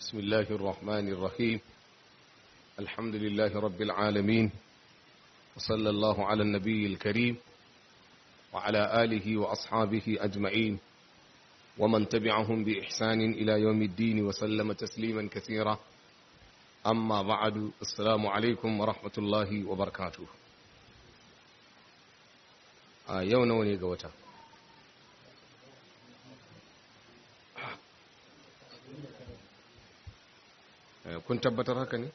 بسم الله الرحمن الرحيم الحمد لله رب العالمين وصلى الله على النبي الكريم وعلى آله وأصحابه أجمعين ومن تبعهم بإحسان إلى يوم الدين وسلم تسليما كثيرا أما بعد السلام عليكم ورحمة الله وبركاته آه، يوم نوني قوتا Eh, kun tabbatar haka ne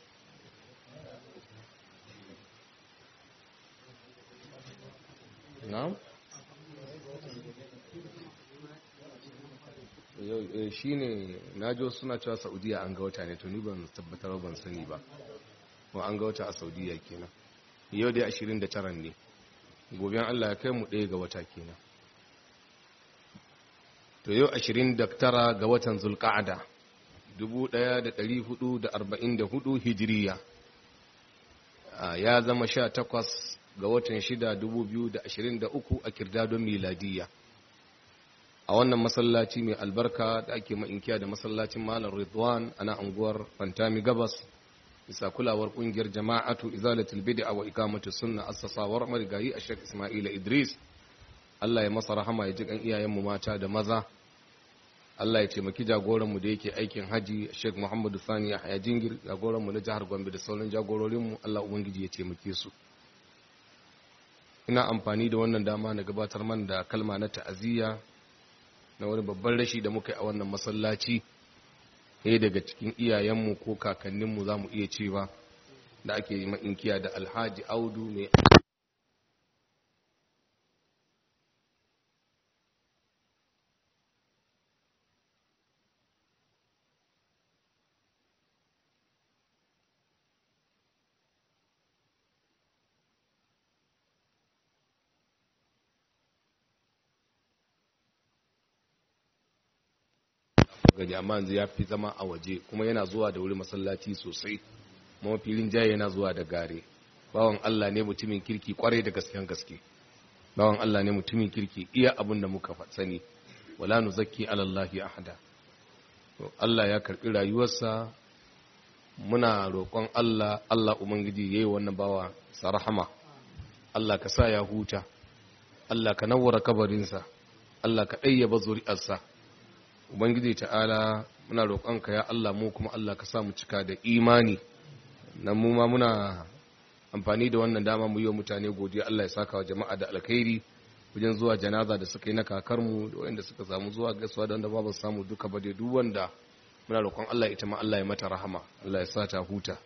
na'am eh, shi ne na jo suna cewa saudiya an ga wata ne tuni ban tabbatar ban sani ba ko an ga wata a saudiya kenan yau dai 29 ne gobe allah ya kai mu ɗaya ga wata kenan to yau 29 ga watan zulka'ada 1444 hijiriya ya zama 18 ga watan 6 2023 a kirdadon miladiya a wannan masallaci mai albarka da ake ma'inkiya da masallacin malar ridwan ana anguwar fantami gabas bisa kulawar kungiyar jama'atu izalatul bid'a wa ikamatu sunna assasawar marigayi a shek ismaila idris allah ya masa rahama ya ji kan mu mata da maza Allah ya taimaki jagoranmu da yake aikin haji Sheikh Muhammadu Sani Yahya Jingir jagoranmu na jihar Gombe da sauran jagororinmu Allah ubangiji ya taimake su ina amfani da wannan dama na gabatar man da kalma na ta'aziyya na wani babban rashi da muka yi a wannan masallaci sai daga cikin iyayenmu ko kakanninmu za mu iya cewa da ake yi inkiya da alhaji audu mai gari amma yanzu ya fi zama a waje kuma yana zuwa da wuri masallaci sosai kuma filin jaya yana zuwa da gare bawan Allah ne mutumin kirki kwarai da gaskiyan gaske bawan Allah ne mutumin kirki iya abin da muka sani wala nuzakki ala llahi ahada to Allah ya karbi rayuwarsa muna roƙon Allah Allah ubangiji yayi wannan bawa sarahama Allah ka sa ya huta Allah ka nawwara kabarinsa Allah ka ɗayyaba zuri'arsa ubangiji ta'ala muna roƙonka ya Allah mu kuma Allah ka sa mu cika da imani nan mu ma muna amfani da wannan dama mu yi wa mutane godiya Allah ya saka wa jama'a da alkhairi wajen zuwa janaza da suka yi na kakarmu da wanda suka samu zuwa gaisuwa da wanda ba samu duka ba dai duk wanda muna roƙon Allah ita ma Allah ya mata rahama Allah ya sa ta huta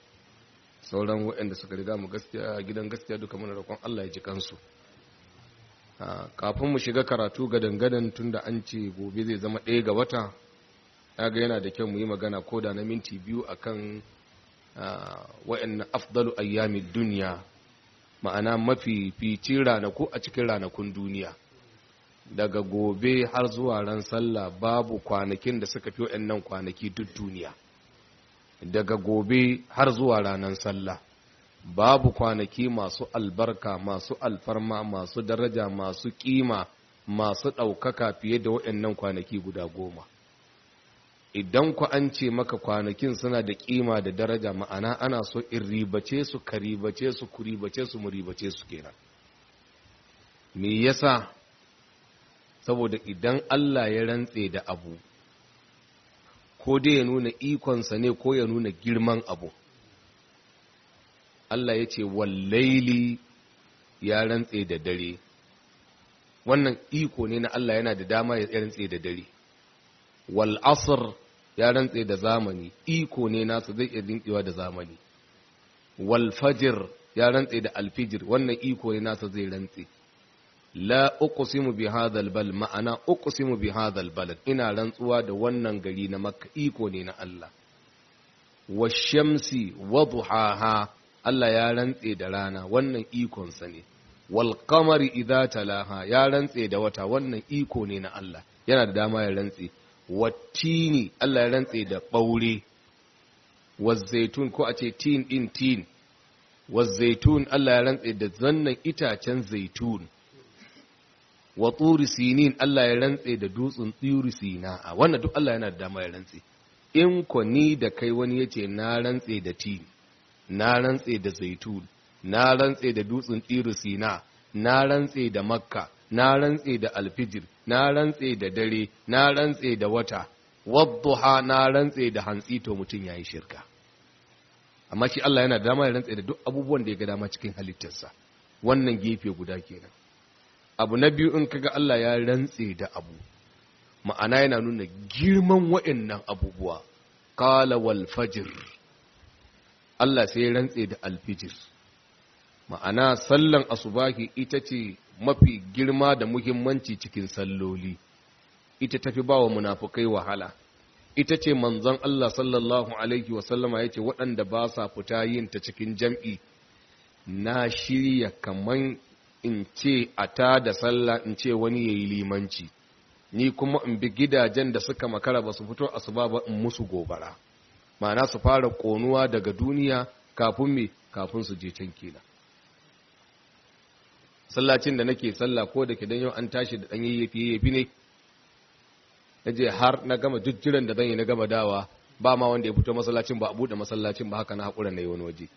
sauran waɗanda suka riga mu gaskiya gidan gaskiya duka muna roƙon Allah ya ji kansu Ah, kafin mu shiga karatu ga dangadan tun da an ce gobe zai zama ɗaya ga wata ga yana da kyau mu yi magana ko da na minti biyu a akan ah, wa'anna afdalu ayyami duniya ma'ana mafi fici ranaku a cikin ranakun duniya daga gobe har zuwa ran sallah babu kwanakin da suka fi nan kwanaki duk duniya daga gobe har zuwa ranar sallah babu kwanaki masu albarka masu alfarma masu daraja masu kima masu ɗaukaka fiye da waɗannan kwanaki guda goma idan ku an ce maka kwanakin suna da kima da daraja ma'ana ana so in ribace su ka ribace su ku ribace su mu ribace su kenan me yasa saboda idan Allah ya rantse da abu ko dai ya nuna ikonsa ne ko ya nuna girman abu Allah ya ce wallaili ya rantse da dare wannan iko ne na Allah yana da dama ya rantse da dare wal asr ya rantse da zamani iko ne nasa zai iya da zamani wal fajr ya rantse da alfijir wannan iko ne nasa zai rantse la uqsimu bi hadhal bal ma'ana uqsimu bi hadhal balad ina rantsuwa da wannan gari na makka iko ne na Allah washamsi wa duhaha Allah ya rantse da rana wannan ikonsa ne wal qamari idza talaha ya rantse da wata wannan iko ne na Allah yana da dama ya rantse wattini Allah ya rantse da ɓaure zaitun ko a ce tin din tin zaitun Allah ya rantse da zannan itacen zaitun wa turi Allah ya rantse da dutsen tsuri wannan duk Allah yana da dama ya rantse in ko ni da kai wani yace na rantse da tin na rantse da zaitun na rantse da dutsen sina na rantse da makka na rantse da alfijir na rantse da dare na rantse da wata wadduha na rantse da hantsi to mutum yayi shirka amma shi Allah yana da dama ya rantse da duk abubuwan da ya ga dama cikin halittarsa wannan gefe guda kenan abu na biyu in kaga Allah ya rantse da abu ma'ana yana nuna girman waɗannan abubuwa qala wal fajr Allah sai ya rantse da alfijir ma'ana sallan asubahi ita ce mafi girma da muhimmanci cikin salloli ita tafi ba wa munafukai wahala ita ce manzon Allah sallallahu alaihi wasallama ya ce waɗanda ba sa fita yin ta cikin jam'i na shirya kaman in ce a ta da sallah in ce wani yayi limanci ni kuma in bi gidajen da suka makara ba su fito asuba ba in musu gobara ma'ana su fara ƙonuwa daga duniya kafin mai kafin su je can kila sallacin da nake sallah ko da ke dan yau an tashi da dan yayyafi yayyafi ne je har na gama jujjiran da zan yi na gama dawa ba ma wanda ya fito masallacin ba a bude masallacin ba haka na haƙura na yi wani waje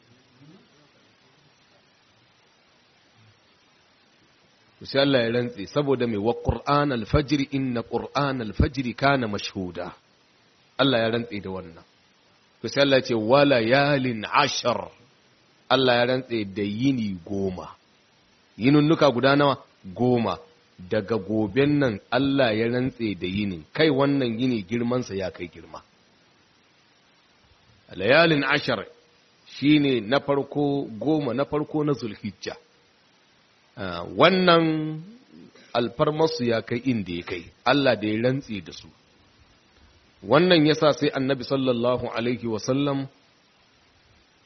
sai Allah ya rantse saboda mai wa Qur'an alfajiri inna Qur'an al-fajr kana mashuda Allah ya rantse da wannan to ce wala yalin ashar Allah ya rantse da yini goma nuka guda nawa goma daga goben nan Allah ya rantse da yini kai wannan yini girmansa ya kai girma layalin ashar shine na farko goma na farko na zulhijja ah, wannan alfarmasu ya kai inda ya kai Allah da ya rantse da su wannan yasa sai annabi sallallahu alaihi wasallam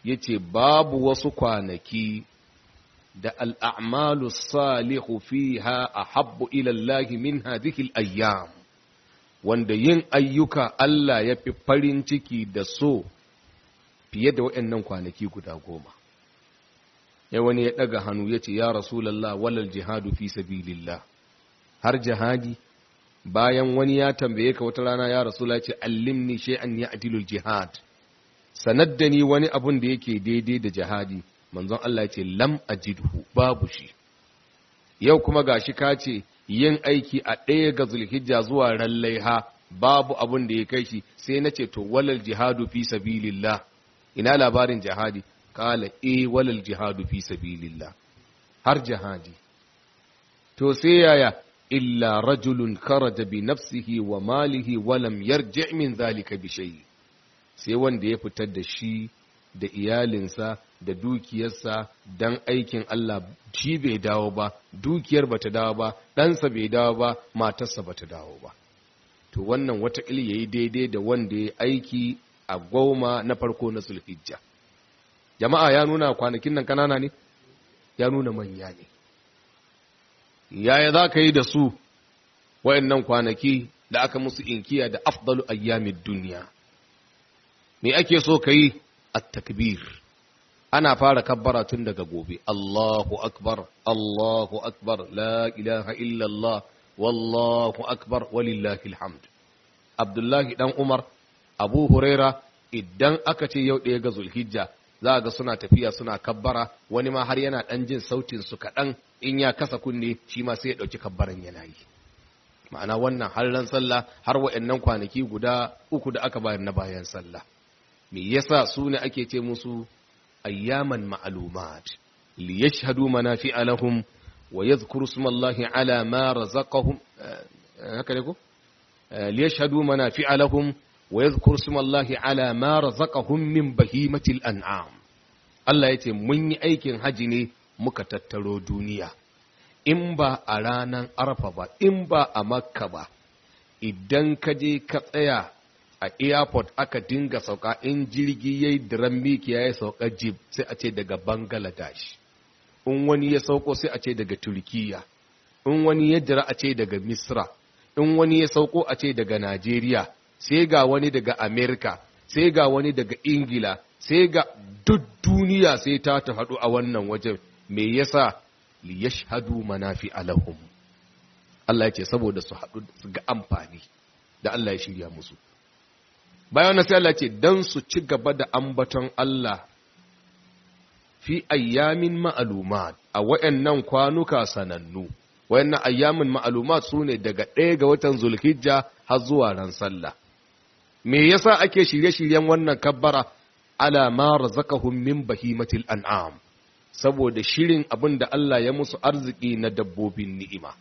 ya ce babu wasu kwanaki da al'amalu salihu fiha a habbu ilallahi min hadhihi ayyam wanda yin ayyuka Allah ya fi farin ciki da so fiye da waɗannan kwanaki guda goma ya wani ya ɗaga hannu ya ce ya rasulallah walal jihadu fi sabilillah har jihadi bayan wani ya tambaye ka wata rana ya rasula ce allimni shay'an ya'dilul jihad sanar da ni wani abun da yake daidai da jihadi manzon Allah ce lam ajidhu babu shi yau kuma gashi ka ce yin aiki a ɗaya ga zulhijja zuwa rallaiha babu abun da ya kai shi sai na ce to walal jihadu fi sabilillah ina labarin jihadi kala e walal jihadu fi sabilillah har jihadi to sai yaya illa rajulun kharaja bi nafsihi wa malihi wa lam min zalika bi sai wanda ya fitar da shi da iyalinsa da dukiyarsa dan aikin Allah shi bai dawo ba dukiyar bata dawo ba ɗansa bai dawo ba matarsa bata dawo ba to wannan wata ya yayi daidai da wanda ya aiki a goma na farko na sulhijja jama'a ya nuna kwanakin nan kanana ne ya nuna manya ne yaya za ka yi da su wayannan kwanaki da aka musu inkiya da afdalu ayyamin duniya me ake so ka yi at-takbir ana fara kabbara tun daga gobe Allahu akbar Allahu akbar la ilaha illa wallahu akbar walillahi alhamd Abdullahi dan Umar Abu Huraira idan aka ce yau ɗaya ga Zulhijja za ga suna tafiya suna kabbara wani ma har yana ɗan jin sautin su kaɗan in ya kasa kunne shi ma sai ya ɗauki kabbaran yana yi ma'ana wannan har sallah har wa'annan kwanaki guda uku da aka bayar na bayan sallah me yasa su ne ake ce musu ayyaman ma'lumat li yashhadu manafi'a lahum wa yadhkuru smallahi ala ma razaqahum eh, eh, haka ne ko eh, li yashhadu manafi'a lahum wa yadhkuru smallahi ala ma razaqahum min bahimatil an'am Allah yace mun yi aikin haji ne muka tattaro duniya in ba a ranar arfa ba in ba a makka ba idan ka je ka tsaya a airport aka dinga sauka in jirgi ya yi diran miki ya yi sauka jib sai a ce daga bangladesh in wani ya sauko sai a ce daga turkiya in wani ya dira a ce daga misra in wani ya sauko a ce daga najeriya sai ga wani daga amerika sai ga wani daga ingila sai ga duk duniya sai ta ta haɗu a wannan wajen me yasa li yashhadu manafi alahum Allah ya saboda su haɗu su ga amfani da Allah ya shirya musu bayan sai Allah ce dan su ci gaba da ambaton Allah fi ayyamin ma'lumat a wayannan kwanuka sanannu wayannan ayyamin ma'lumat sune daga ɗaya ga watan Zulhijja har zuwa ran sallah me yasa ake shirye-shiryen wannan kabbara ala ma razaqahum min bahimatil an'am saboda shirin abin da Allah ya musu arziki na dabbobin ni'ima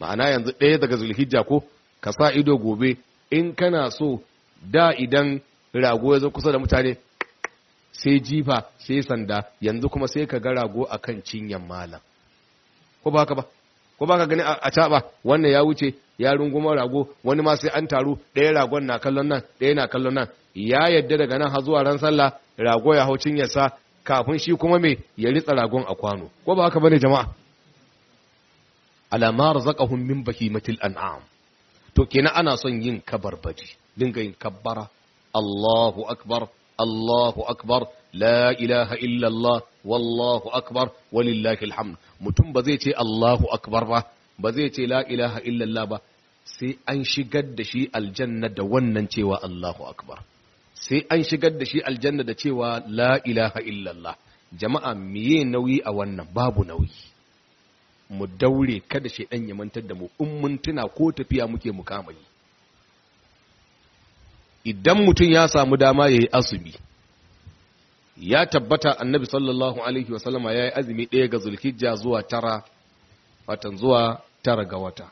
ma'ana yanzu ɗaya daga zulhijja ko ka sa ido gobe in kana so da idan rago ya zo kusa da mutane sai jifa sai sanda yanzu kuma sai ka ga rago akan cinyan malam ko ba haka ba ko ba ka gani a caɓa wannan ya wuce ya runguma rago wani ma sai an taru ɗaya ragon na kallon nan ɗaya na kallon nan ya yadda daga nan har zuwa ran sallah rago ya hau cinyarsa kafin shi kuma mai ya ritsa ragon a kwano ko ba haka bane jama'a alama razaqahum min bahimatil an'am to kenan ana son yin kabarbaji dinga yin kabbara Allahu akbar Allahu akbar la ilaha illa Allah wallahu akbar walillahi alhamd mutum ba zai ce Allahu akbar ba ba zai ce la ilaha illa Allah ba sai an shigar da shi aljanna da wannan cewa Allahu akbar sai an shigar da shi aljanna da cewa la ilaha illallah jama'a miye nauyi a wannan babu nauyi mu daure kada shaidan ya mantar da mu in mun tuna ko tafiya muke mu idan mutum ya samu dama yayi azumi ya tabbata annabi sallallahu alaihi wasallama yayi azumi ɗaya ga zulhijja zuwa tara watan zuwa tara ga wata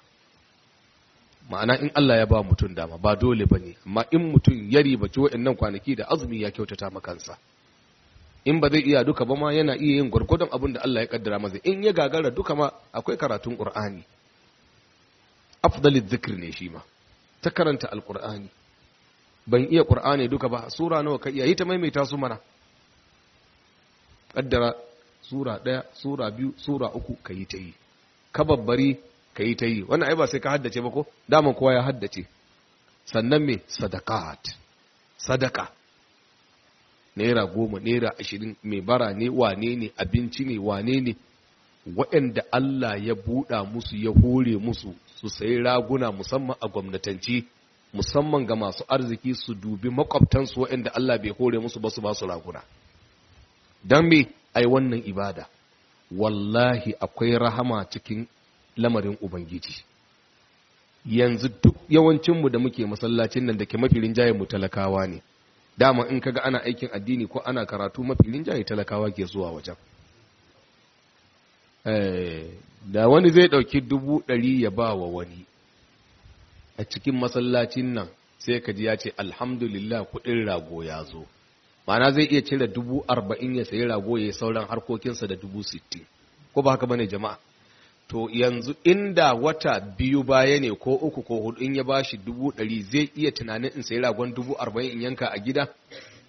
ma'ana in Allah ya ba mutum dama ba dole ba ne amma in mutum ya ribaci waɗannan kwanaki da azumi ya kyautata makansa in ba zai iya duka ba ma yana iya yin gwargwadon abin da Allah ya kaddara masa in ya gagara duka ma akwai karatun Qur'ani afdalid zikiri ne shi ma ta karanta alqur'ani ban iya Qur'ani duka ba sura nawa ka iya yi ta maimaita su mana kaddara sura ɗaya sura biyu sura uku ka yi ta yi babbari ka yi ta yi wannan ai ba sai ka haddace ba ko daman kowa ya haddace sannan me sadakat sadaka naira goma naira ashirin mai bara ne wane ne abinci ne wane ne waɗanda Allah ya buɗa musu ya hore musu su sayi raguna musamman a gwamnatance musamman ga masu arziki su dubi makwabtansu waɗanda Allah bai hore musu ba su ba su raguna don me ai wannan ibada wallahi akwai rahama cikin lamarin ubangiji yanzu duk yawancinmu da muke masallacin nan da ke mafi rinjayen mu talakawa ne dama in kaga ana aikin addini ko ana karatu mafi rinjaye talakawa ke zuwa wajen eh, da wani zai ɗauki dubu ɗari ya ba wa wani a cikin masallacin nan sai ka ji ya ce alhamdulillah kuɗin rago ya zo mana zai iya cire dubu arba'in ya sayi rago ya yi sauran harkokinsa da dubu sittin ko ba haka bane jama'a to yanzu inda wata biyu baya ne ko uku ko hudu in ya bashi dubu ɗari zai iya tunanin in sayi ragon dubu arba'in in yanka a gida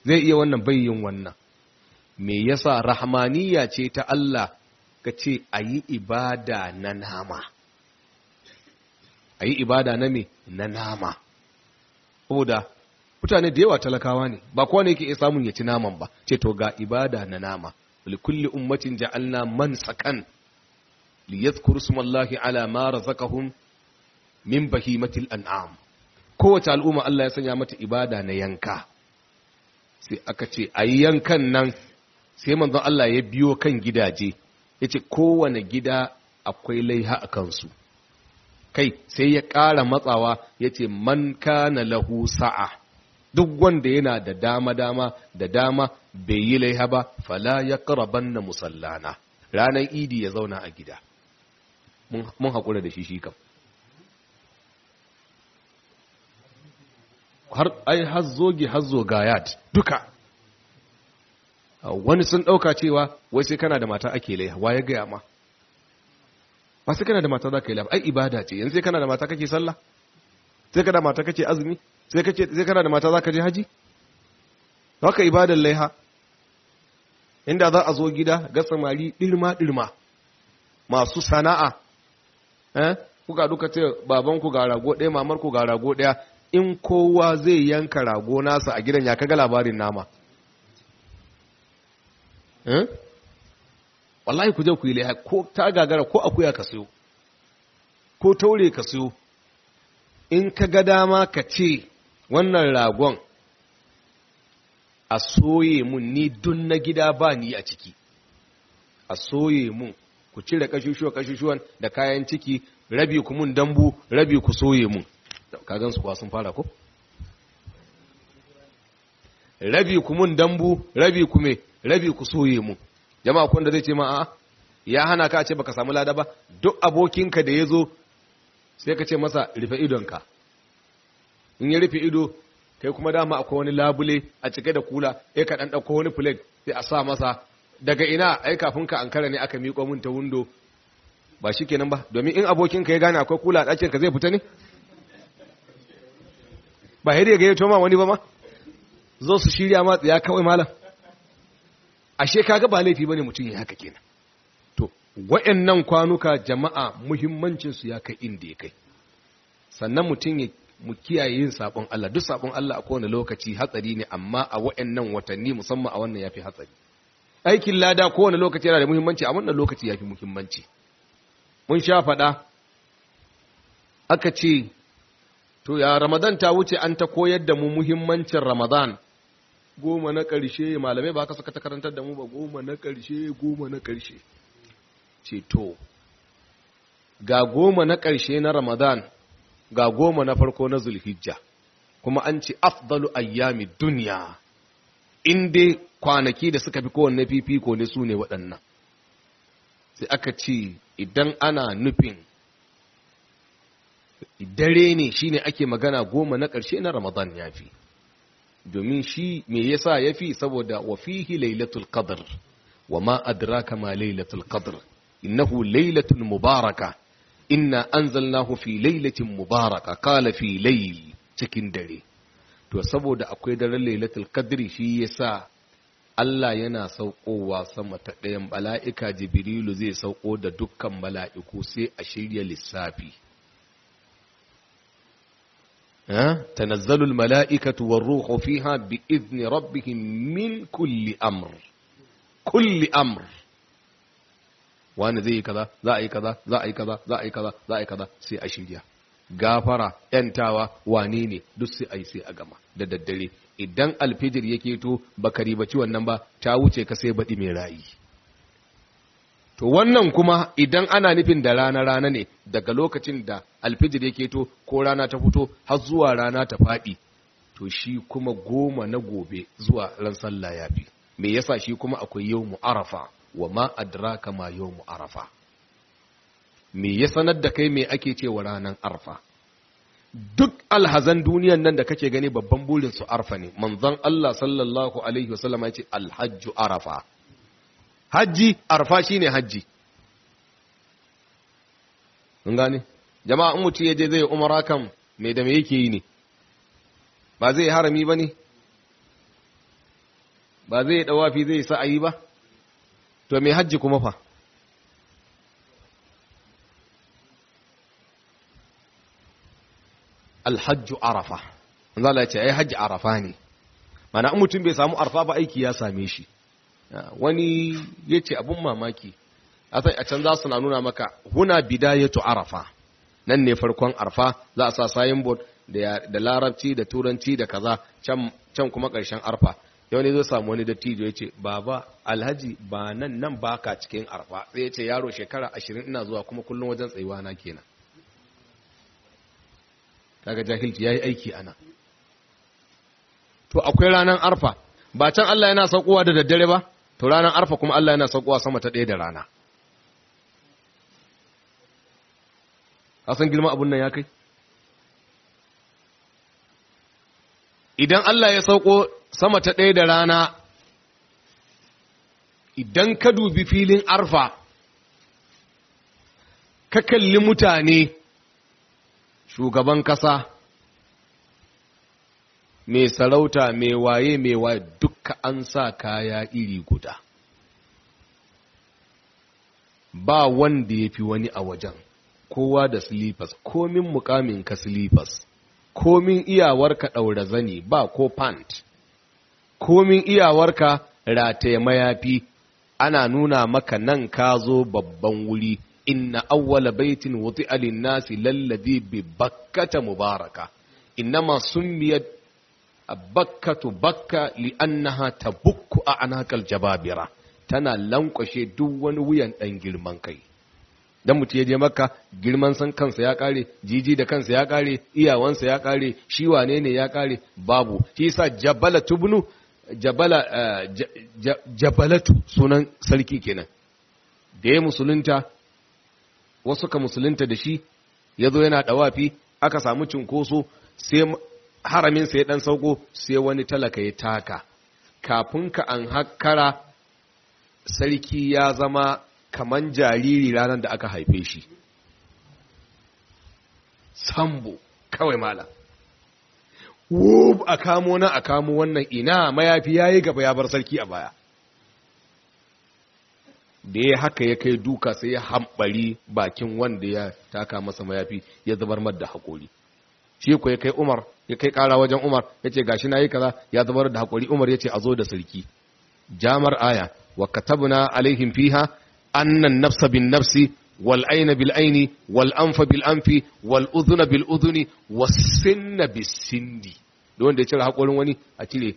zai iya wannan bayyin wannan me yasa rahmaniya ce ta Allah ka ce a yi ibada na nama a yi ibada na me na nama saboda mutane da yawa talakawa ne ba kowa ne yake iya samun ya ci naman ba ce to ga ibada na nama kulli ummatin ja'alna man sakan liyadhkuru smallahi ala mara razaqahum min bahimatil an'am kowace al'umma Allah ya sanya mata ibada na yanka sai aka ce ayi yankan nan sai manzon Allah ya biyo kan gidaje yace kowane gida akwai laiha a kansu kai sai ya ƙara matsawa yace man kana lahu sa'a duk wanda yana da dama-dama da dama bai yi laiha ba fala ya na musallana ranar idi ya zauna a gida mun haƙura da shi shi kam har ai har zogi har ya duka wani sun ɗauka cewa wai sai kana da mata ake laiha wa ya gaya ma ba sai kana da mata za ka yi laifin ai ibada ce yanzu sai kana da mata kake sallah sai kana da mata kake azumi sai kana da mata za ka je haji haka ibadan laiha inda za a zo gida ga samari ɗirma-ɗirma masu sana'a Eh? kuka duka ce babanku ga rago ɗaya mamarku ga rago ɗaya in kowa zai yanka rago nasa a gidan ya kaga labarin nama eh? wallahi ku je ku yi laiha ko ta gagara ko akuya ka siyo ko taure ka siyo in ka ga dama ka ce wannan ragon a soye mun ni dun na gida ba ni a ciki a soye mun ku cire kashushuwa kashushuwan da kayan ciki rabi ku mun dambu rabi ku soye mun ka gan su kuwa sun fara ko rabi ku mun dambu rabi ku me rabi ku soye mun jama'a kun da zai ce ma a'a ya hana ka ce baka samu lada ba duk abokinka da ya zo sai ka ce masa rufe idonka in ya rufe ido kai kuma dama akwai wani labule a cike da kula sai ka dan dauko wani plate sai a sa masa daga ina ai kafin ka ankara ne aka miƙo min ta wundo? ba shi kenan ba domin in abokinka ya gane akwai kula a ka zai fita ne ba ya yato ma wani ba ma zo su shirya ma ya kawai malam ashe kaga ba laifi bane mutum ya haka kenan to wayannan kwanuka jama'a muhimmancin su ya kai inda ya kai sannan mutum ya mu kiyaye yin sabon Allah duk sabon Allah a kowane lokaci hatsari ne amma a wayannan watanni musamman a wannan yafi hatsari aikin lada kowane lokaci yana da muhimmanci a wannan lokaci ya fi muhimmanci mun sha faɗa aka ce to ya ramadan ta wuce an ta koyar da mu muhimmancin ramadan goma na ƙarshe malamai ba ka suka ta da mu ba goma na ƙarshe goma na ƙarshe ce to ga goma na ƙarshe na ramadan ga goma na farko na zulhijja kuma an ce afdalu ayyami duniya in kwanaki da suka fi kowanne fifiko ne su ne waɗannan sai aka ce idan ana nufin dare ne shine ake magana goma na ƙarshe na ramadan ya fi domin shi me yasa ya fi saboda wa lailatul qadr wa ma adraka ma lailatul qadr innahu lailatul mubaraka inna anzalnahu fi lailatin mubaraka kala fi layl cikin dare to saboda akwai daren lailatul qadri shi yasa Allah yana saukowa sama ta ɗayan bala'ika Jibrilu zai sauko da dukkan bala'iku sai a shirya lissafi. تنزل الملائكة والروح فيها بإذن ربهم من كل أمر كل أمر وأنا زي كذا ذا أي كذا ذا أي كذا ذا أي كذا ذا أي كذا سي أشياء gafara yantawa wane ne duk sai ai sai a gama da daddare idan alfijir ya keto baka ribaci wannan ba ta wuce ka sai baɗi mai rayi to wannan kuma idan ana nufin da rana rana ne daga lokacin da alfijir ya keto ko rana ta fito har zuwa rana ta faɗi to shi kuma goma na gobe zuwa ran sallah ya fi me yasa shi kuma akwai yau mu'arafa wa ma adraka ma yau mu'arafa me ya sanar da kai me ake cewa ranar arfa duk alhazan duniyan nan da kake gani babban burin su arfa ne manzon Allah sallallahu alaihi wasallam ya ce alhajju arafa hajji arfa shine hajji mun gane jama'a in mutum yaje zai umara kan me da me yake yi ne ba zai harami ba ne ba zai dawafi zai sa'ayi ba to me hajji kuma fa alhajju arafa zala ce ai hajji arafa ne mana in mutum bai samu arfa ba aiki ya same shi wani ya ce abin mamaki a can za su na nuna maka huna bidayatu arafa nan ne farkon arfa za a sa signboard da larabci da turanci da kaza can kuma ƙarshen arfa yau ne zai samu wani dattijo ya ce baba alhaji ba nan nan baka cikin arfa sai ya ce yaro shekara ashirin ina zuwa kuma kullum wajen tsayuwa na kenan kaga jahilci yayi aiki ana to akwai ranan arfa ba can Allah yana saukowa da daddare ba to ranan arfa kuma Allah yana saukowa sama ta ɗaya da rana a san girma abun nan ya kai idan Allah ya sauko sama ta ɗaya da rana idan ka dubi filin arfa ka kalli mutane shugaban ƙasa mai sarauta mai waye mai waye duka an sa kaya iri guda ba wanda ya fi wani a wajen kowa da silifas komin mukamin ka silifas komin iyawarka ɗaura zani ba ko pant komin iyawarka rataye mayafi ana nuna maka nan ka zo babban wuri inna awwala baitin wudi'a lin-nasi lalladhi bi bakkata mubaraka innama summiyat bakkatu bakka li'annaha tabukku a anakal jababira tana lankwashe duk wani wuyan dan girman kai dan mutu ya je makka girman san kansa ya kare jiji da kansa ya kare iyawansa ya kare shi wane ne ya kare babu shi sa jabala tubnu jabala jabalatu sunan sarki kenan da ya musulunta wasu ka musulunta da shi ya zo yana ɗawafi aka samu cinkoso sai haramin sai ɗan sauko sai wani talaka ya taka kafin ka an hakkara sarki ya zama kaman jariri ranar da aka haife shi sambo kawai mala wub a kamo na a kamo wannan ina mayafi ya yi gaba ya bar sarki a baya da ya haka ya kai duka sai ya hambari bakin wanda ya taka masa mayafi ya zubar mar da hakori shi ko ya kai Umar ya kai ƙara wajen Umar yace gashi nayi kaza ya zubar da hakori Umar yace a zo da sarki jamar aya wa katabna alaihim fiha anna an-nafsa bin-nafsi wal ayna bil-ayni wal anfa bil-anfi wal udhuna bil-udhuni was-sinna bis-sindi da ya cire hakorin wani a cire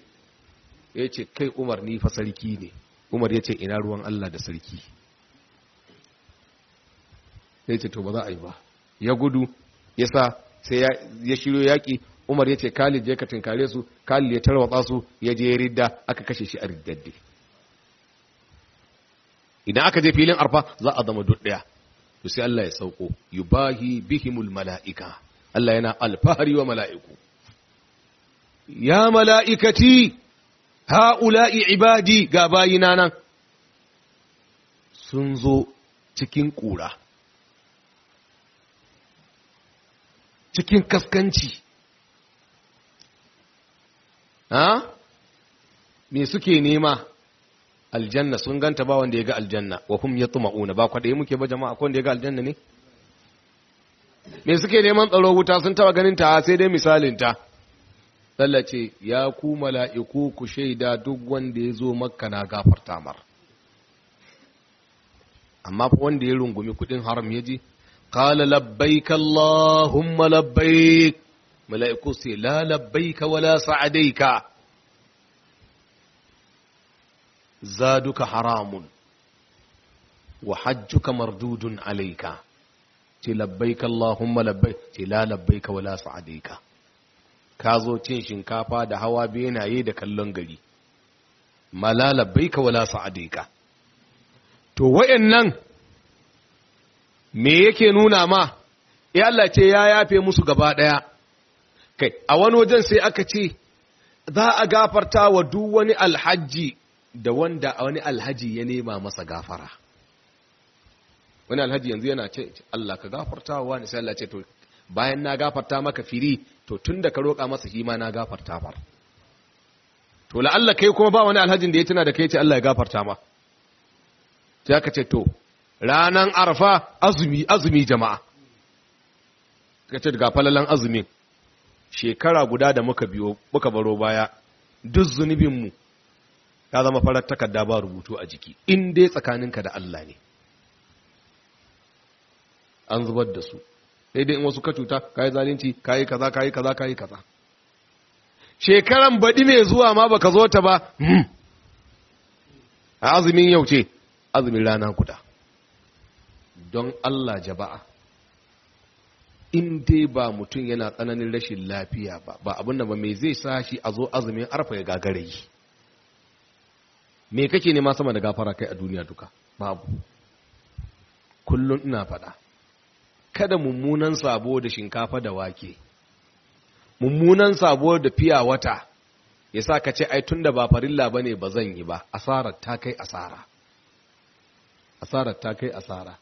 yace kai Umar ni fa sarki ne umar ya ce ina ruwan allah da sarki ya ce to ba za a yi ba ya gudu ya sa sai ya shiryo yaƙi umar ya ce khalid ya katin tinkare su khalid ya tarwatsa su ya je ya ridda aka kashe shi a riddadde idan aka je filin arfa za a zama duk ɗaya to sai Allah ya sauko yubahi bihimul mala'ika Allah yana alfahari wa mala'iku ya mala'ikati ha'ula'i ibadi ga bayina nan sun zo cikin ƙura cikin kaskanci ha me suke nema aljanna sun ganta ba wanda ya ga aljanna wa hum yatma'una ba kwaɗe muke ba jama'a ko wanda ya ga aljanna ne me suke neman tsaro wuta sun taba ganin ta sai dai misalin ta Allah ce ya ku mala'iku ku shaida duk wanda ya zo makka na gafarta mar amma fa wanda ya rungumi kudin haram ya ji qala labbaika allahumma labbaik mala'iku sai la labbaika wala sa'adaika zaduka haramun wa hajjuka mardudun alayka ce labbaika allahumma labbaik ce la labbaika wala sa'adaika ka zo cin shinkafa da hawa yi da kallon gari malala bai ka wala sa'adika to wayannan me yake nuna ma ya eh, Allah ce ya yafe musu gaba daya kai a wani wajen sai aka ce za a gafarta wa duk wani alhaji da wanda wani alhaji ya nema masa gafara wani alhaji yanzu yana ce Allah ka gafarta wa ni sai Allah ce to bayan na gafarta maka firi to tun da ka roƙa masa shi na gafarta mar to la'alla kai kuma ba wani alhajin da ya tuna da kai ce Allah ya gafarta ma sai aka ce to ranan arfa azumi azumi jama'a ka ce ga falalan azumin shekara guda da muka biyo muka baro baya duk zunubinmu ya zama farar takarda ba rubutu a jiki in dai tsakaninka da Allah ne an zubar da su sai dai in wasu ka cuta ka yi zalunci ka yi kaza ka yi kaza ka yi kaza shekaran baɗi mai zuwa ma baka zo ta ba hmm. a azumin yau ce azumin rana guda don Allah jaba'a in dai ba mutum yana tsananin rashin lafiya ba ba abin da ba mai zai sa shi a zo azumin arfa ya gagare yi me kake nema sama da gafara kai a duniya duka babu kullum ina faɗa kada mummunan sabo da shinkafa da wake mummunan sabo da fiya wata ya sa ka ce ai tunda ba farilla ba ne ba zan yi ba asarar ta kai asara asarar ta kai asara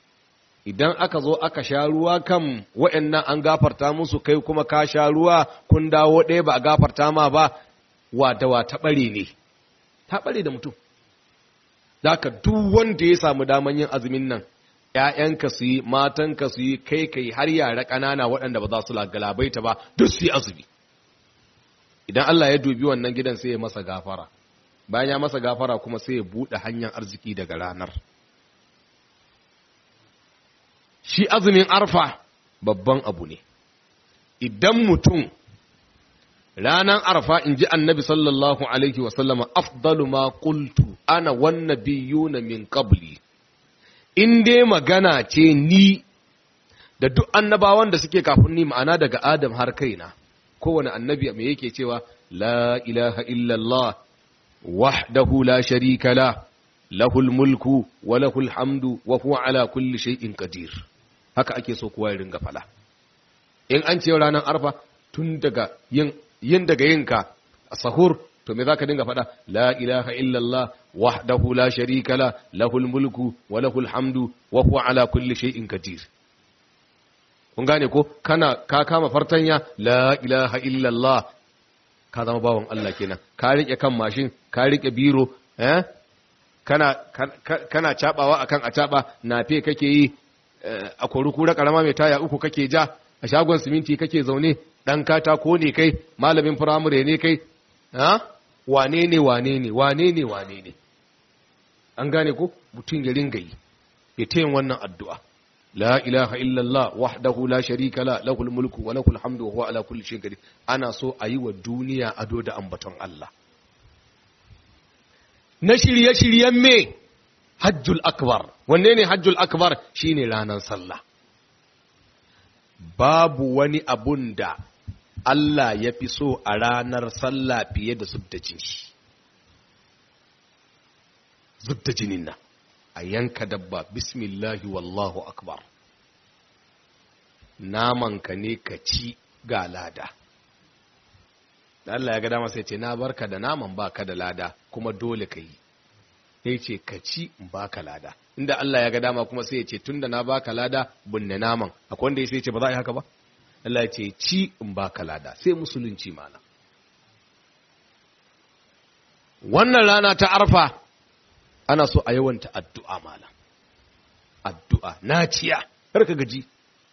idan aka zo aka sha ruwa kan wa'annan an gafarta musu kai kuma ka sha ruwa kun dawo ɗaya ba a gafarta ma ba wata ɓare ne ta ɓare da mutum Daka duk wanda ya samu daman yin azumin nan ‘ya'yanka su yi matanka su yi kai kai har yara ƙanana waɗanda ba za su lagalabaita ba duk su yi azumi idan Allah ya dubi wannan gidan sai ya masa gafara bayan ya masa gafara kuma sai ya buɗe hanyar arziki daga ranar shi azumin arfa babban abu ne idan mutum ranar arfa in ji annabi sallallahu alaihi wasallama afdalu ma kultu ana biyu na min kabli. in dai magana ce ni da duk annabawan da suke kafin ni ma'ana daga adam har kaina kowane annabi me yake cewa la ilaha illallah wahdahu la sharika la lahul mulku wa lahul hamdu wa huwa ala kulli shay'in qadir haka ake so kowa ya ringa fala in an ce ranar arfa tun daga yin yin daga yinka sahur to me zaka dinga fada la ilaha illallah وحده لا شريك la lahul mulku wa lahul hamdu wa huwa ala قدير kun gane ko kana ka kama fartanya la ilaha illallah ka zama bawan Allah kenan ka rike kan mashin ka rike biro eh kana kana cabawa akan a caba nafe kake yi eh, a korukura karama mai taya uku kake ja a shagon siminti kake zaune dan katako ne kai malamin firamare ne kai eh wane ne wane ne wane ne wane ne an gane ko mutum ya ringa yi ya tayin wannan addu'a la ilaha illallah wahdahu la sharika la lahul mulku wa lahul hamdu wa huwa ala kulli shay'in qadir ana so a yi wa duniya ado da ambaton Allah na shirye-shiryen me hajjul akbar wanne ne hajjul akbar shine ranar sallah babu wani abun da Allah ya fi so a ranar sallah fiye da da jini zubta jinin nan a yanka dabba bismillahi wallahu akbar ka ne ka ci ga lada da Allah ya ga dama sai ce na barka da naman baka da lada kuma dole ka yi sai ce ka ci baka lada inda Allah ya ga dama kuma sai ya ce tunda na baka lada bunne naman akwai wanda ya sai ce ba za a yi haka ba Allah ya ce ci in baka lada sai musulunci mana wannan rana ta arfa ana so a yawanta addu'a malam addu'a naciya kar ka gaji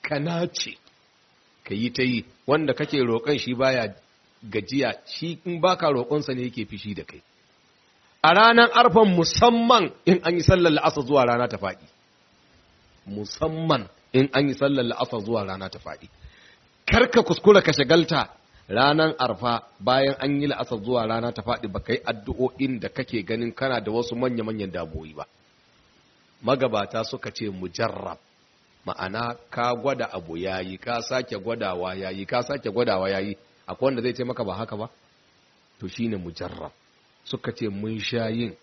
ka nace ka yi ta yi wanda kake roƙon shi baya gajiya shi in baka roƙonsa ne yake fishi da kai a ranar arfan musamman in an yi sallar la'asa zuwa rana ta faɗi musamman in an yi sallar la'asa zuwa rana ta faɗi karka kuskura ka shagalta ranan arfa bayan an yi la'asar zuwa rana ta faɗi ba yi addu'o'in da kake ganin kana da wasu manya-manyan daboyi ba magabata suka ce mujarrab ma'ana ka gwada abu ya yi, ka sake gwadawa ya yi, ka sake gwadawa ya yi, akwai wanda zai ce maka ba haka ba to shi ne mujarrab suka ce mun sha yin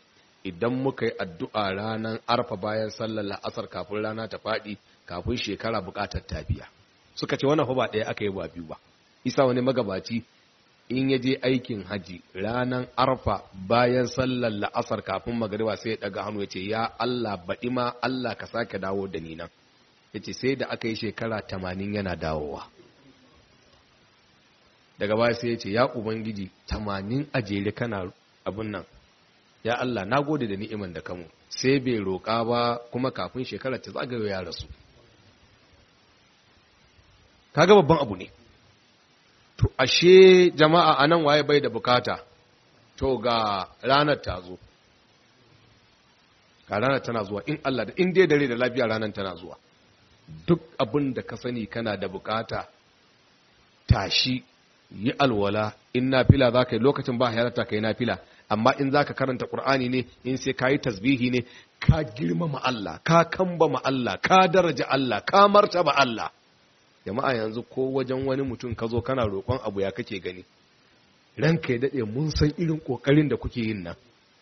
idan muka yi addu'a ranar arfa bayan sallar la'asar kafin rana ta faɗi kafin shekara buƙatar tafiya suka ce wani fa ba ɗaya aka yi ba biyu ba isa wani magabaci in ya je aikin haji ranar arfa bayan sallar la'asar kafin magariba sai ya daga hannu ya ce ya Allah baɗi ma Allah ka sake dawo da ni nan ya ce sai da aka yi shekara tamanin yana dawowa daga baya sai ya ce ya ubangiji tamanin a jere kana abin nan ya Allah na gode da ni'iman da kamu sai bai roƙa ba kuma kafin shekara ta zagayo ya rasu Ka ga babban abu ne to ashe jama'a anan waye bai da bukata to ga ranar ta zo ga ranar tana zuwa in Allah da in dai dare da lafiya ranar tana zuwa duk abin da ka sani kana da bukata tashi yi alwala in nafila za ka yi lokacin ba halarta ka yi nafila amma in za ka karanta ƙur'ani ne in sai ka yi tasbihi ne ka girmama Allah ka kambama Allah ka daraja Allah ka martaba Allah jama'a yanzu ko wajen wani mutum ka zo kana roƙon abu ya kake gani ranka ya dade mun san irin ƙoƙarin da kuke yin nan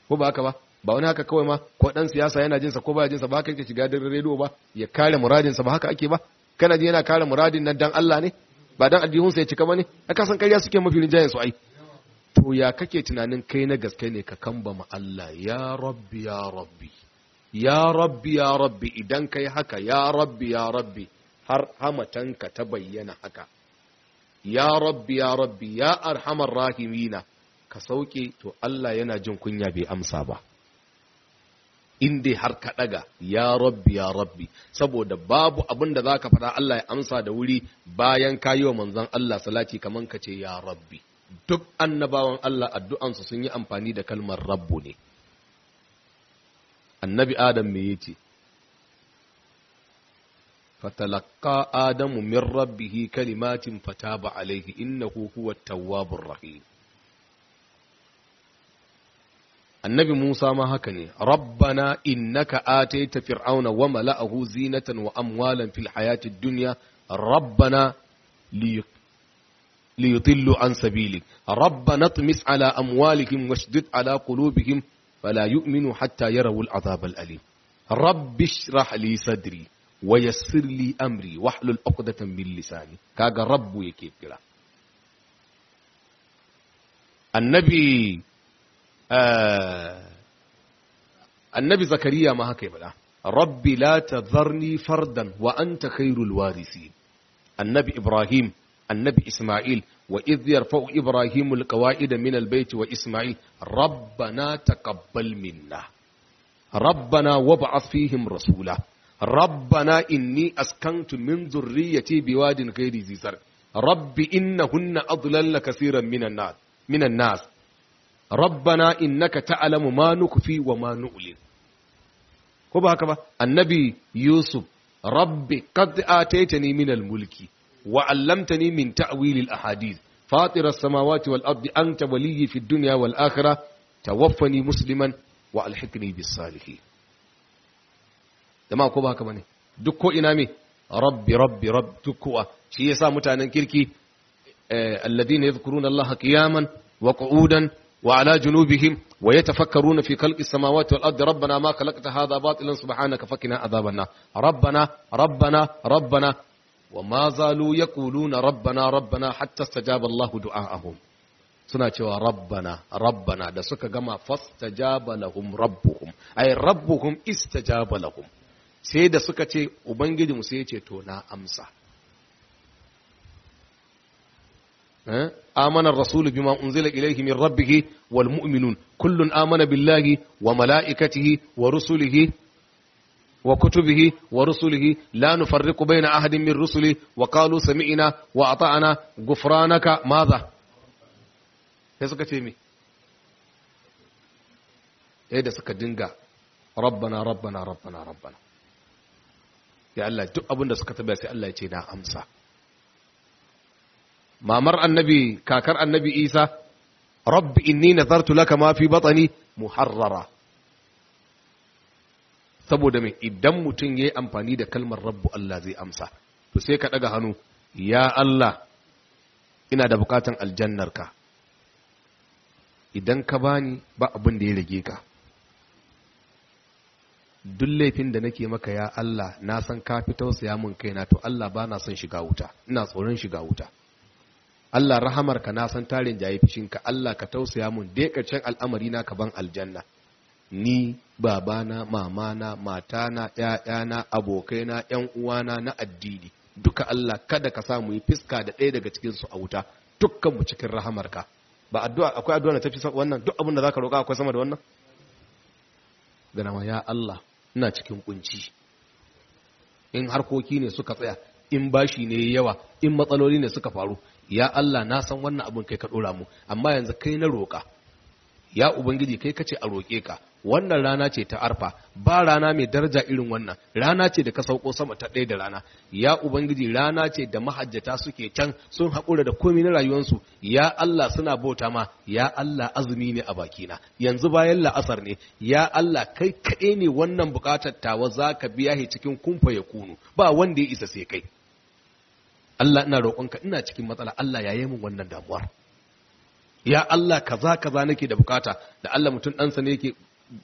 ko ba haka ba ba wani haka kawai ma ko ɗan siyasa yana jinsa ko ya jinsa ba haka yake shiga dare rediyo ba ya kare muradinsa ba haka ake ba kana ji yana kare muradin nan dan Allah ne ba dan sa ya cika ba ne aka san ƙarya suke mafi rinjayen su ai to ya kake tunanin kai na gaske ne ka kamba ma Allah ya rabbi ya rabbi ya rabbi ya rabbi idan kai haka ya rabbi ya rabbi har hamatanka ta bayyana haka ya rabbi ya rabbi ya arhamar rahimina ka sauke to Allah yana jin kunya bai amsa ba inda har ka daga ya rabbi ya rabbi saboda babu abin da zaka fada Allah ya amsa da wuri bayan ka yi wa manzon Allah salati kaman ka ce ya rabbi duk annabawan Allah addu'ansu sun yi amfani da kalmar rabbu ne annabi adam me yace فتلقى آدم من ربه كلمات فتاب عليه إنه هو التواب الرحيم النبي موسى ما هكني ربنا إنك آتيت فرعون وملأه زينة وأموالا في الحياة الدنيا ربنا ليضلوا عن سبيلك ربنا اطمس على أموالهم واشدد على قلوبهم فلا يؤمنوا حتى يروا العذاب الأليم رب اشرح لي صدري ويسر لي امري واحلل عقدة من لساني كاغا رب يكيف كلا النبي آه النبي زكريا ما هكيف ربي لا تذرني فردا وانت خير الوارثين النبي ابراهيم النبي اسماعيل واذ يرفع ابراهيم القواعد من البيت واسماعيل ربنا تقبل منا ربنا وابعث فيهم رسولا rabbana inni askantu min zurriyyati biwadin ghairi zizar rabbi innahunna adlalna kaseeran minan nas minan nas rabbana innaka ta'lamu ma nukfi wa ma nu'lin ko ba haka ba annabi yusuf rabbi qad ni min al-mulki wa ni min ta'wil al-ahadith fatir as-samawati wal ardi anta waliyyi fid duniya wal akhirah tawaffani musliman wa alhiqni bis salihin jama'a ko ba haka bane duk ko ina me rabbi rabbi rabb duk kowa shi yasa mutanen kirki eh, alladhina yadhkuruna allaha qiyaman wa qu'udan وعلى جنوبهم ويتفكرون في خلق السماوات والأرض ربنا ما خلقت هذا باطلا سبحانك فقنا عذاب rabbana ربنا ربنا ربنا وما زالوا يقولون ربنا ربنا حتى استجاب suna cewa rabbana rabbana da suka gama fastajaba lahum rabbuhum ay rabbuhum istajaba lahum sai da suka ce ubangijinmu sai ya ce to na amsa آمن الرسول بما أنزل إليه من ربه والمؤمنون كل آمن بالله وملائكته ورسله وكتبه ورسله لا نفرق بين أحد من رسله وقالوا سمعنا وأطعنا غفرانك ماذا يسكى تيمي إيه ده سكى دنجا ربنا ربنا ربنا ربنا ya Allah duk abin da suka tambaya sai Allah ya ce na amsa mamar annabi kakar annabi Isa rabbi inni nazartu laka ma fi batni muharrara saboda me idan mutum yayi amfani da kalmar rabbu Allah zai amsa to sai ka daga hannu ya Allah ina da bukatan aljannarka idan ka bani ba abin da ya rage ka duk laifin da nake maka ya Allah na san ka fi tausaya mun kaina to Allah ba na son shiga wuta ina tsoron shiga wuta Allah rahamarka na san tarin jaye ka Allah ka tausaya mun dai karshen al'amari na ka ban aljanna ni babana mamana matana ƴaƴana abokaina ƴan uwana na addini duka Allah kada ka sa mu yi fiska da ɗaya daga cikin su a wuta dukkan mu cikin rahamarka ba addu'a akwai addu'a da tafi wannan duk abin da zaka roka akwai sama da wannan ma ya Allah ina cikin kunci in harkoki ne suka tsaya in bashi ne yawa in matsaloli ne suka faru ya Allah na san wannan abin kai ka dora mu amma yanzu kai na roƙa ya ubangiji kai kace a roƙe ka wannan rana ce ta arfa ba rana mai daraja irin wannan rana ce da ka sauko sama ta ɗaya da rana ya ubangiji rana ce da mahajjata suke can sun haƙura da komai na rayuwarsu ya Allah suna bauta ma ya Allah azumi ne a bakina yanzu bayan la'asar ne ya Allah kai kaɗai ne wannan buƙatar tawa za ka biya shi cikin kumfa ya kunu ba wanda ya isa sai kai Allah ina roƙonka ina cikin matsala Allah ya yi min wannan damuwar ya Allah kaza kaza nake da bukata da Allah mutum ɗansa ne yake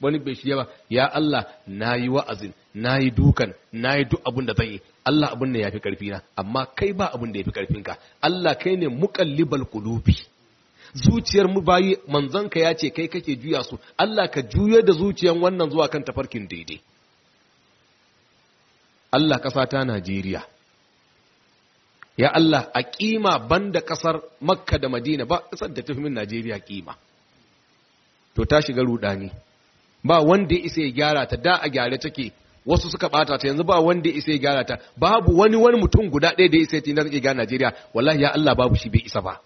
wani bai shi yawa ya Allah na yi wa'azin na yi dukan na yi duk abin da zan yi Allah abin ne ya fi ƙarfina amma kai ba abin da ya fi ƙarfinka Allah kai ne muƙallibal kulubi zuciyar mu bayi manzanka ya ce kai kake juya su Allah ka juya da zuciyar wannan zuwa kan tafarkin daidai Allah ƙasata ta Najeriya ya Allah a kima ban da makka da madina ba kasar da tafi min najeriya kima to ta shiga rudani ba wanda ya isa ya gyara ta da a gyara take wasu suka bata ta yanzu ba wanda ya isa ya gyara ta babu wani wani mutum guda ɗaya da ya isa ya tina zai gyara najeriya wallahi ya Allah babu shi bai isa ba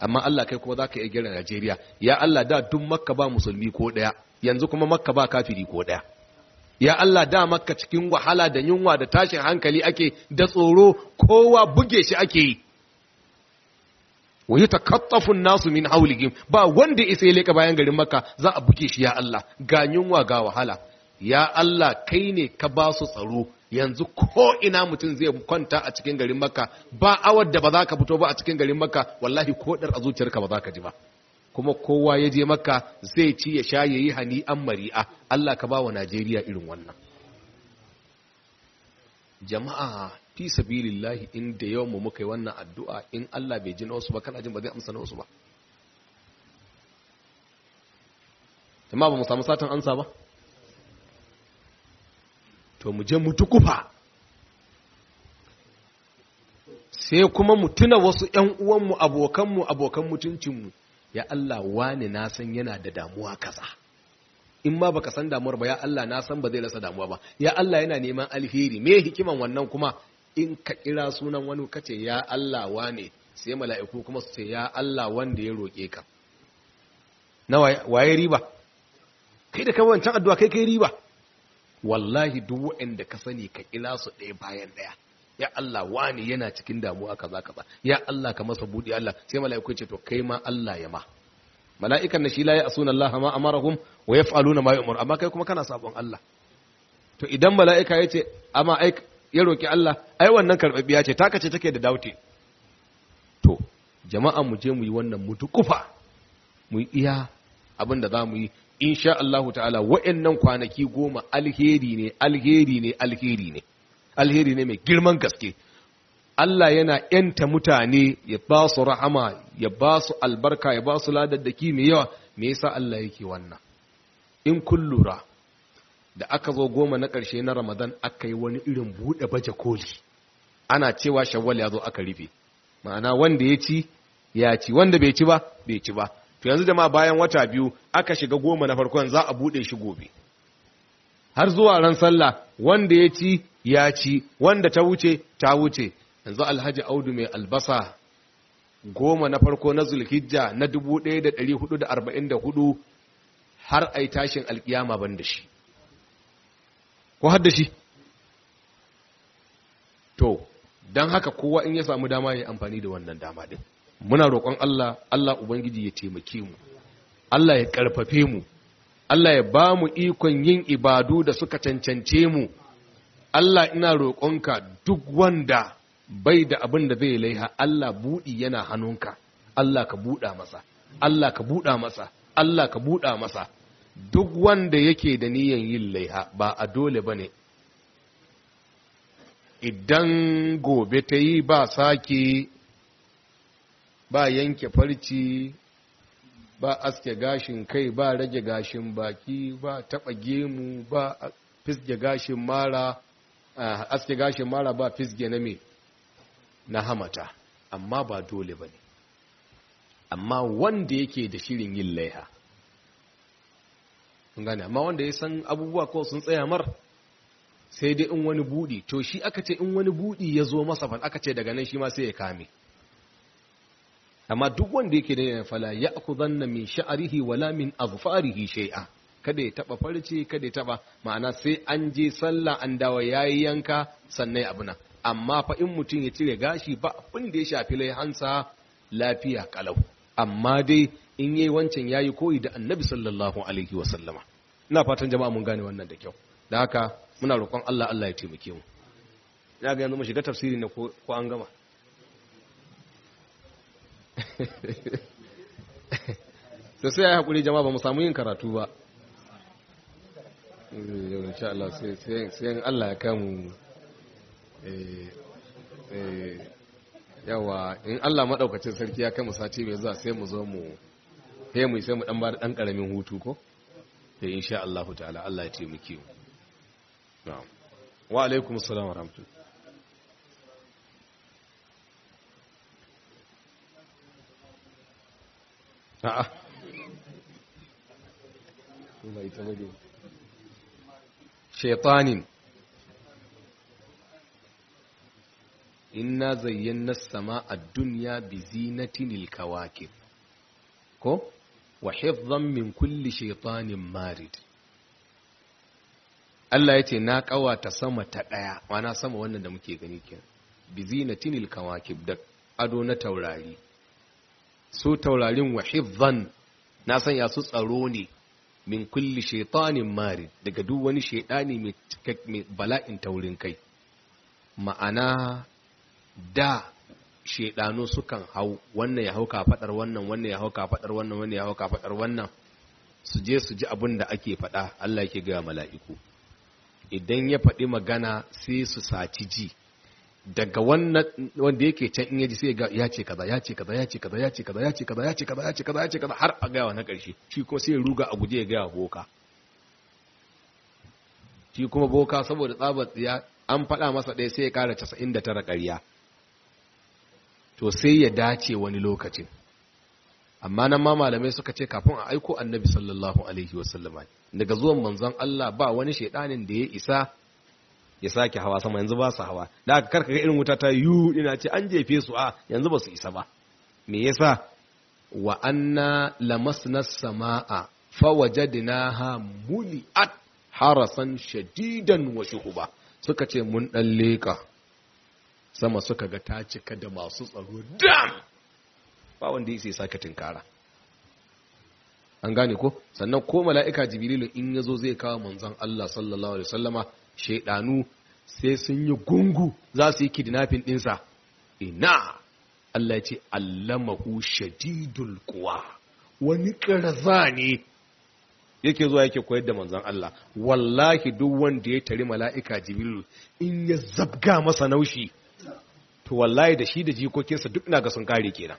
amma Allah kai kuma zaka iya gyara najeriya ya Allah da duk makka ba musulmi ko ɗaya yanzu kuma makka ba kafiri ko ɗaya ya Allah da maka cikin wahala da yunwa da tashin hankali ake da tsoro kowa buge shi ake yi wa yi nasu min haulihim ba wanda isa ya leka bayan garin maka za a buge shi ya Allah ga yunwa ga wahala ya Allah kai ne ka ba su tsaro yanzu ko ina mutum zai kwanta a cikin garin makka ba awar da ba za ka fito ba a cikin garin makka wallahi ko dar a zuciyarka ba za ka ji ba kuma kowa ya je maka zai ci ya sha yayi hani an mari'a Allah ka ba wa Najeriya irin wannan jama'a fi sabilillahi inda yau mu muka yi wannan addu'a in Allah bai ji na wasu ba kana jin ba zai amsa na wasu ba jama'a ba mu samu satan ansa ba to mu je mu tukufa sai kuma mu tuna wasu ƴan uwanmu abokanmu abokan mutuncinmu ya Allah wani na san yana da damuwa kaza in ma baka san damuwar ba ya Allah na san ba zai rasa damuwa ba ya Allah yana neman alheri me hikiman wannan kuma in ka kira sunan wani kace ya Allah wani sai mala'iku kuma su ce ya Allah wanda ya roƙe ka na waye riba kai da kawai wancan addu'a kai kai riba wallahi duk waɗanda ka sani ka kira su ɗaya bayan ɗaya ya Allah wani yana cikin damuwa kaza kaza ya Allah ka masa budi Allah sai mala'iku ce to kai ma Allah ya ma mala'ikan na shi la ya'suna Allah ma amarahum wa yaf'aluna ma yu'mar amma kai kuma kana sabon Allah to idan mala'ika ya ce amma ai ya roki Allah ai wannan karbabbiya ce taka ce take da dauti to jama'a mu je mu yi wannan mutukufa mu yi iya abin da za mu yi insha Allah ta'ala wa'annan kwanaki goma alheri ne alheri ne alheri ne alheri ne mai girman gaske Allah yana ‘yanta mutane ya ba su rahama, ya ba su albarka, ya ba su ladaddaki mai yawa, me yasa Allah yake wannan. In kun da aka zo goma na ƙarshe na Ramadan aka yi wani irin buɗe baje koli, ana cewa shawwal ya zo aka rufe. Ma'ana wanda ya ci, ya ci, wanda bai ci ba, bai ci ba. To yanzu jama'a bayan wata biyu aka shiga goma na farkon za a buɗe shi gobe. Har zuwa ran sallah wanda ya ci ya ci wanda ta wuce ta wuce yanzu alhaji audu mai albasa goma na farko na zulhijja na 1444 har a yi tashin alkiyama ban da shi ko har da shi to don haka kowa in ya samu dama ya amfani da wannan dama din muna roƙon Allah Allah ubangiji ya taimake mu Allah ya ƙarfafe mu Allah ya ba mu ikon yin ibadu da suka cancance mu Allah ina roƙonka duk wanda bai da abin da zai laiha Allah buɗi yana hannunka Allah ka buɗa masa Allah ka buɗa masa Allah ka buɗa masa duk wanda yake da niyan yin laiha ba a dole ba ne idan gobe ta yi ba sake ba yanke farci ba aske gashin kai ba rage gashin baki ba taɓa gemu ba fisge gashin mara aske gashin mara ba fisge na me na hamata amma ba dole ba ne amma wanda yake da shirin yin laiha gane amma wanda ya san abubuwa ko sun tsaya mar sai dai in wani budi to shi aka ce in wani budi ya zo masa fal aka ce daga nan shi ma sai ya kame amma duk wanda yake da yin fala ya aku zanna min sha'arihi wala min azfarihi shay'a kada ya taba farce kada ya taba ma'ana sai an je sallah an dawo yayi yanka sannan abu nan amma fa in mutum ya cire gashi ba abin da ya shafi lai hansa lafiya kalau amma dai in yayi wancan yayi koyi da annabi sallallahu alaihi wasallama ina fatan jama'a mun gane wannan da kyau da haka muna roƙon Allah Allah ya taimake mu ina ga yanzu mu shiga tafsiri ne ko an gama sai sai ya haƙuri jama'a ba mu samu yin karatu ba insha Allah sai in Allah ya eh, eh, yawa in Allah maɗaukacin sarki ya kama sati mai za sai mu zo mu he mu sai mu ɗan ba ɗan ƙaramin hutu ko da insha Allah ta'ala Allah ya taimake mu wa alaikum salam wa rahmatullahi a'a kuma ita bane shaitanin inna zayyana sama a duniya bi zinatinil kawakib ko wa hifzan min kulli shaitanin marid Allah ya ce na kawata sama ta ɗaya wana sama wannan da muke gani ke bi zinatinil kawakib da ado na taurari su taurarin wa hifzan na sanya su tsaro ne min kulli shaitanin mari daga duk wani shaidani mai bala'in taurin kai ma'ana da shaidano sukan hau wannan ya hau fadar wannan wannan ya hau fadar wannan wannan ya hau fadar wannan su je su ji abin da ake faɗa Allah yake ga mala'iku idan ya faɗi magana sai su saci ji daga wannan wanda yake can in yaji sai ya ce kaza ya ce kaza ya ce kaza ya ce kaza ya ce kaza ya ce kaza ya ce kaza ya ce kaza har a gaya na ƙarshe shi kuma sai ruga a guje ya gaya boka shi kuma boka saboda tsabar tsiya an faɗa masa ɗaya sai ya ƙara casa'in da ƙarya to sai ya dace wani lokacin amma nan ma malamai suka ce kafin a aiko annabi sallallahu alaihi wasallama daga zuwan manzon Allah ba wani shaidanin da ya isa ya sake hawa sama yanzu ba su hawa da aka karka ga irin wuta ta yu ina ce an jefe su a yanzu ba su isa ba me yasa wa anna lamasna samaa fa wajadnaha muli'at harasan shadidan wa shuhuba suka ce mun dan leka sama suka ga ta cika da masu tsaro dam ba wanda yake sake tinkara an gane ko sannan ko mala'ika jibrilu in yazo zai kawo manzon Allah sallallahu alaihi wasallama shaidanu sai sun yi gungu za su yi kidnapping ɗinsa ina Allah ce allamahu shadidul kuwa wani ƙarza ne yake zuwa yake koyar da manzon Allah wallahi duk wanda ya tari mala'ika jibril in ya zabga masa naushi to wallahi da shi da jikokinsa duk na ga sun kare kenan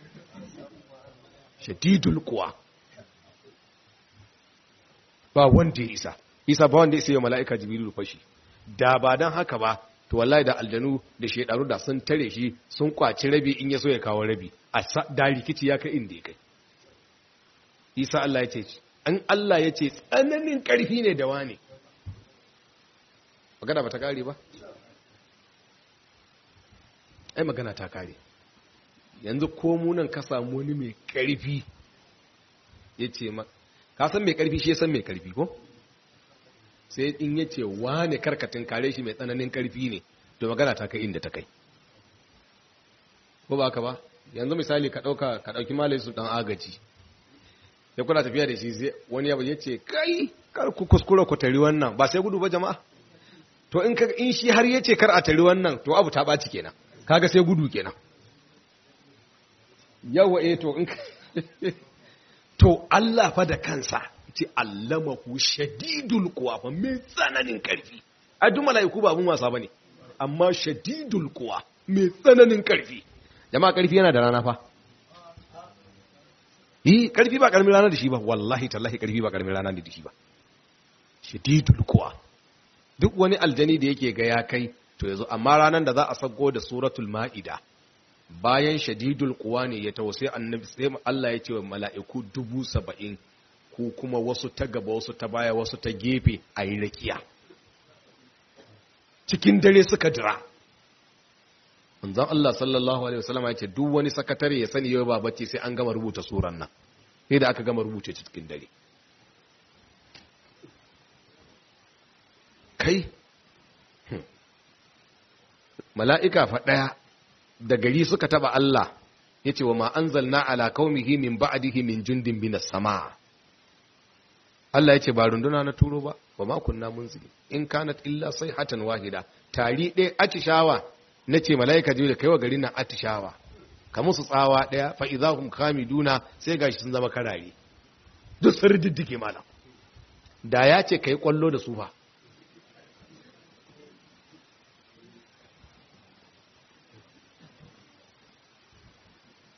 shadidul kuwa ba wanda ya isa isa ba wanda ya isa mala'ika jibril fashi da ba don haka ba to wallahi da aljanu da shedaru da sun tare shi sun kwaci rabi in ya so ya kawo rabi a da rikici ya kai inda ya kai isa Allah ya ce an Allah ya ce tsananin karfi ne da wani magana ba ta kare ba ai magana ta kare yanzu ko munan ka samu wani mai karfi ya ce ma ka san mai karfi shi ya san mai karfi ko sai in ya ce wane karkatin kare shi mai tsananin karfi ne to magana ta kai inda ta kai ko ba ka ba yanzu misali ka ɗauka ka ɗauki malayi su ɗan agaji ya kuna tafiya da shi sai wani ya ce kai kar ku kuskura ku tari wannan ba sai gudu ba jama'a to in in shi har yace kar a tari wannan to abu ta ɓaci kenan kaga sai gudu kenan yawa eh to in to Allah fa da kansa ce allamahu shadidul kuwa fa mai tsananin karfi a duk mala'iku ba abun wasa bane amma shadidul kuwa mai tsananin karfi jama'a karfi yana da rana fa yi karfi ba karamin rana da shi ba wallahi tallahi karfi ba karamin rana da shi ba shadidul kuwa duk wani aljani da yake ga ya kai to yazo amma ranan da za a sago da suratul ma'ida bayan shadidul kuwa ne ya tawo annabi sai Allah ya ce wa mala'iku dubu saba'in ku kuma wasu ta gaba wasu ta baya wasu ta gefe a yi rakiya cikin dare suka dira manzon Allah sallallahu alaihi wasallam ya ce duk wani sakatare ya sani yau ba bacci sai an gama rubuta suran nan sai da aka gama rubuce cikin dare kai hmm. mala'ika fa ɗaya da gari suka taba Allah ya ce wa ma'anzal na ala kaumihi min ba'adihi min jundin sama Allah ya ce ba runduna na turo ba ba ma kunna munzili in kanat illa sai hatan wahida tari ɗaya atishawa ce malaika jibril kai wa garin nan atishawa ka musu tsawa ɗaya fa idahum duna, sai gashi sun zama karare duk sun riddike malam da ya ce kai kwallo da su fa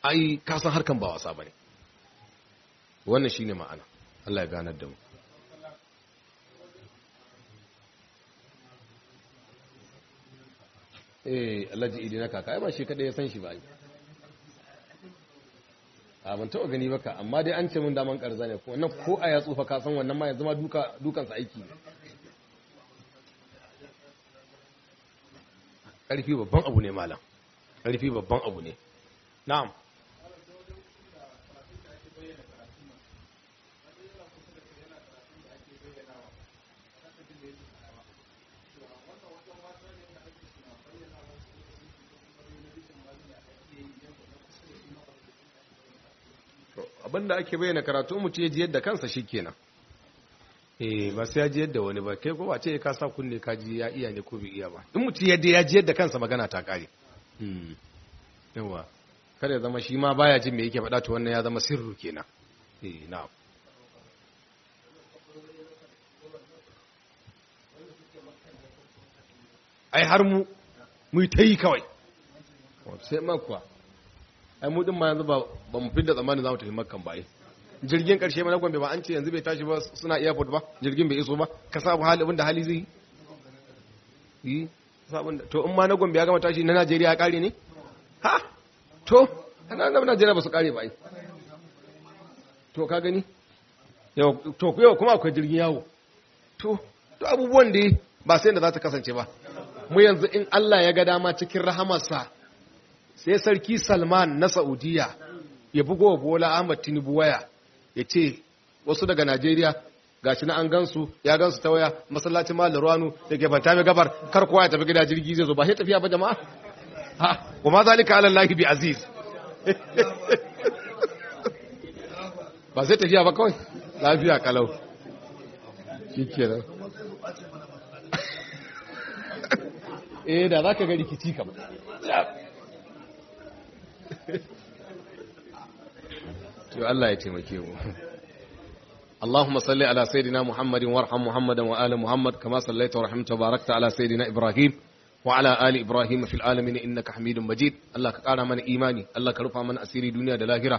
ai ka san harkan ba wasa bane wannan shine ma'ana Allah ya ganar da mu eh alhaji idi na kaka ai ba shi kaɗai ya san shi ba ai a ban taɓa gani baka amma dai an ce mun daman ƙarza ne ko wannan ko a ya tsufa ka san wannan ma yanzu ma duka dukansa aiki ne ƙarfi babban abu ne malam ƙarfi babban abu ne na'am abinda ake bayyana karatu mu ce ji yadda kansa shikenan eh ba sai ya ji yadda wani ba kai ko ba ce ka sa kunne ka ji ya iya ne ko bai iya ba in mutum yadda ya ji yadda kansa magana ta kare hmm. yawa kada ya zama shi ma baya jin me yake faɗa to wannan ya zama sirru kenan eh na ai har mu mu ta yi kawai sai ma kuwa ai mu din ma yanzu ba ba mu fidda tsammanin za mu tafi makkan ba ai jirgin karshe na gombe ba an ce yanzu bai tashi ba suna airport ba jirgin bai iso ba ka sabu hali abinda hali zai yi to in ma na gombe ya gama tashi na najeriya ya kare ne ha to na najeriya ba su kare ba ai to ka gani to yau kuma akwai jirgin yawo to to abubuwan da ba sai da za ta kasance ba mu yanzu in Allah ya ga dama cikin rahamarsa sai sarki salman na saudiya ya bugo wa bola ahmad tinubu waya ya ce wasu daga najeriya ga shi na an gansu ya gansu ta waya masallacin malar ruwanu da ke fanta mai gabar kar ya tafi gida jirgi zai zo ba sai tafiya ba jama'a ha kuma zalika ala lahi bi aziz ba sai tafiya ba kawai lafiya kalau shikenan eh da zaka ga rikici kamar to Allah ya taimake mu Allahumma salli ala sayidina Muhammadin warham Muhammadan wa ala Muhammad kama sallaita wa rahamta barakta ala sayidina Ibrahim wa ala ali Ibrahim fil ka innaka Hamidum Majid Allah ka kara mana imani Allah ka rufa mana asiri duniya da lahira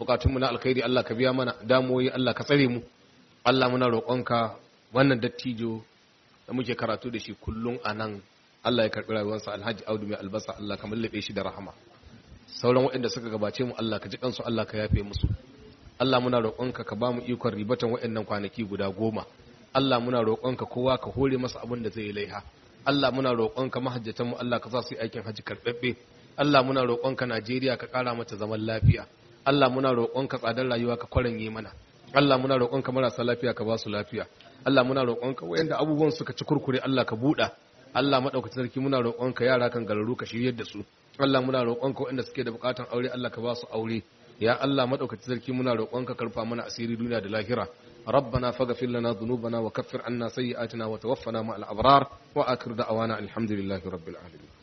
bukatun mu na alkhairi Allah ka biya mana damuwoyi Allah ka tsare mu Allah muna roƙonka wannan dattijo da muke karatu da shi kullun anan Allah ya karbi rayuwarsa Alhaji Audu mai albasa Allah ka mallabe shi da rahama sauran waɗanda suka gabace mu Allah ka ji kansu Allah ka yafe musu Allah muna roƙonka ka ba mu ikon ribatan waɗannan kwanaki guda goma Allah muna roƙonka kowa ka hore masa abin da zai laiha Allah muna roƙonka mahajjatan mu Allah ka sa su yi aikin haji karɓaɓɓe Allah muna roƙonka Najeriya ka ƙara mata zaman lafiya Allah muna roƙonka tsadar rayuwa ka kwaranye mana Allah muna roƙonka marasa lafiya ka ba su lafiya Allah muna roƙonka waɗanda abubuwan suka ci kurkure Allah ka buɗa Allah madaukakin sarki muna roƙonka yara kan gararu ka shiryar da su Allah muna roƙonka waɗanda suke da buƙatar aure Allah ka ba su aure ya Allah madaukaki sarki muna roƙonka karfa mana asiri duniya da lahira ربنا فاغفر لنا ذنوبنا وكفر عنا سيئاتنا وتوفنا مع الأبرار وآخر دعوانا الحمد لله رب العالمين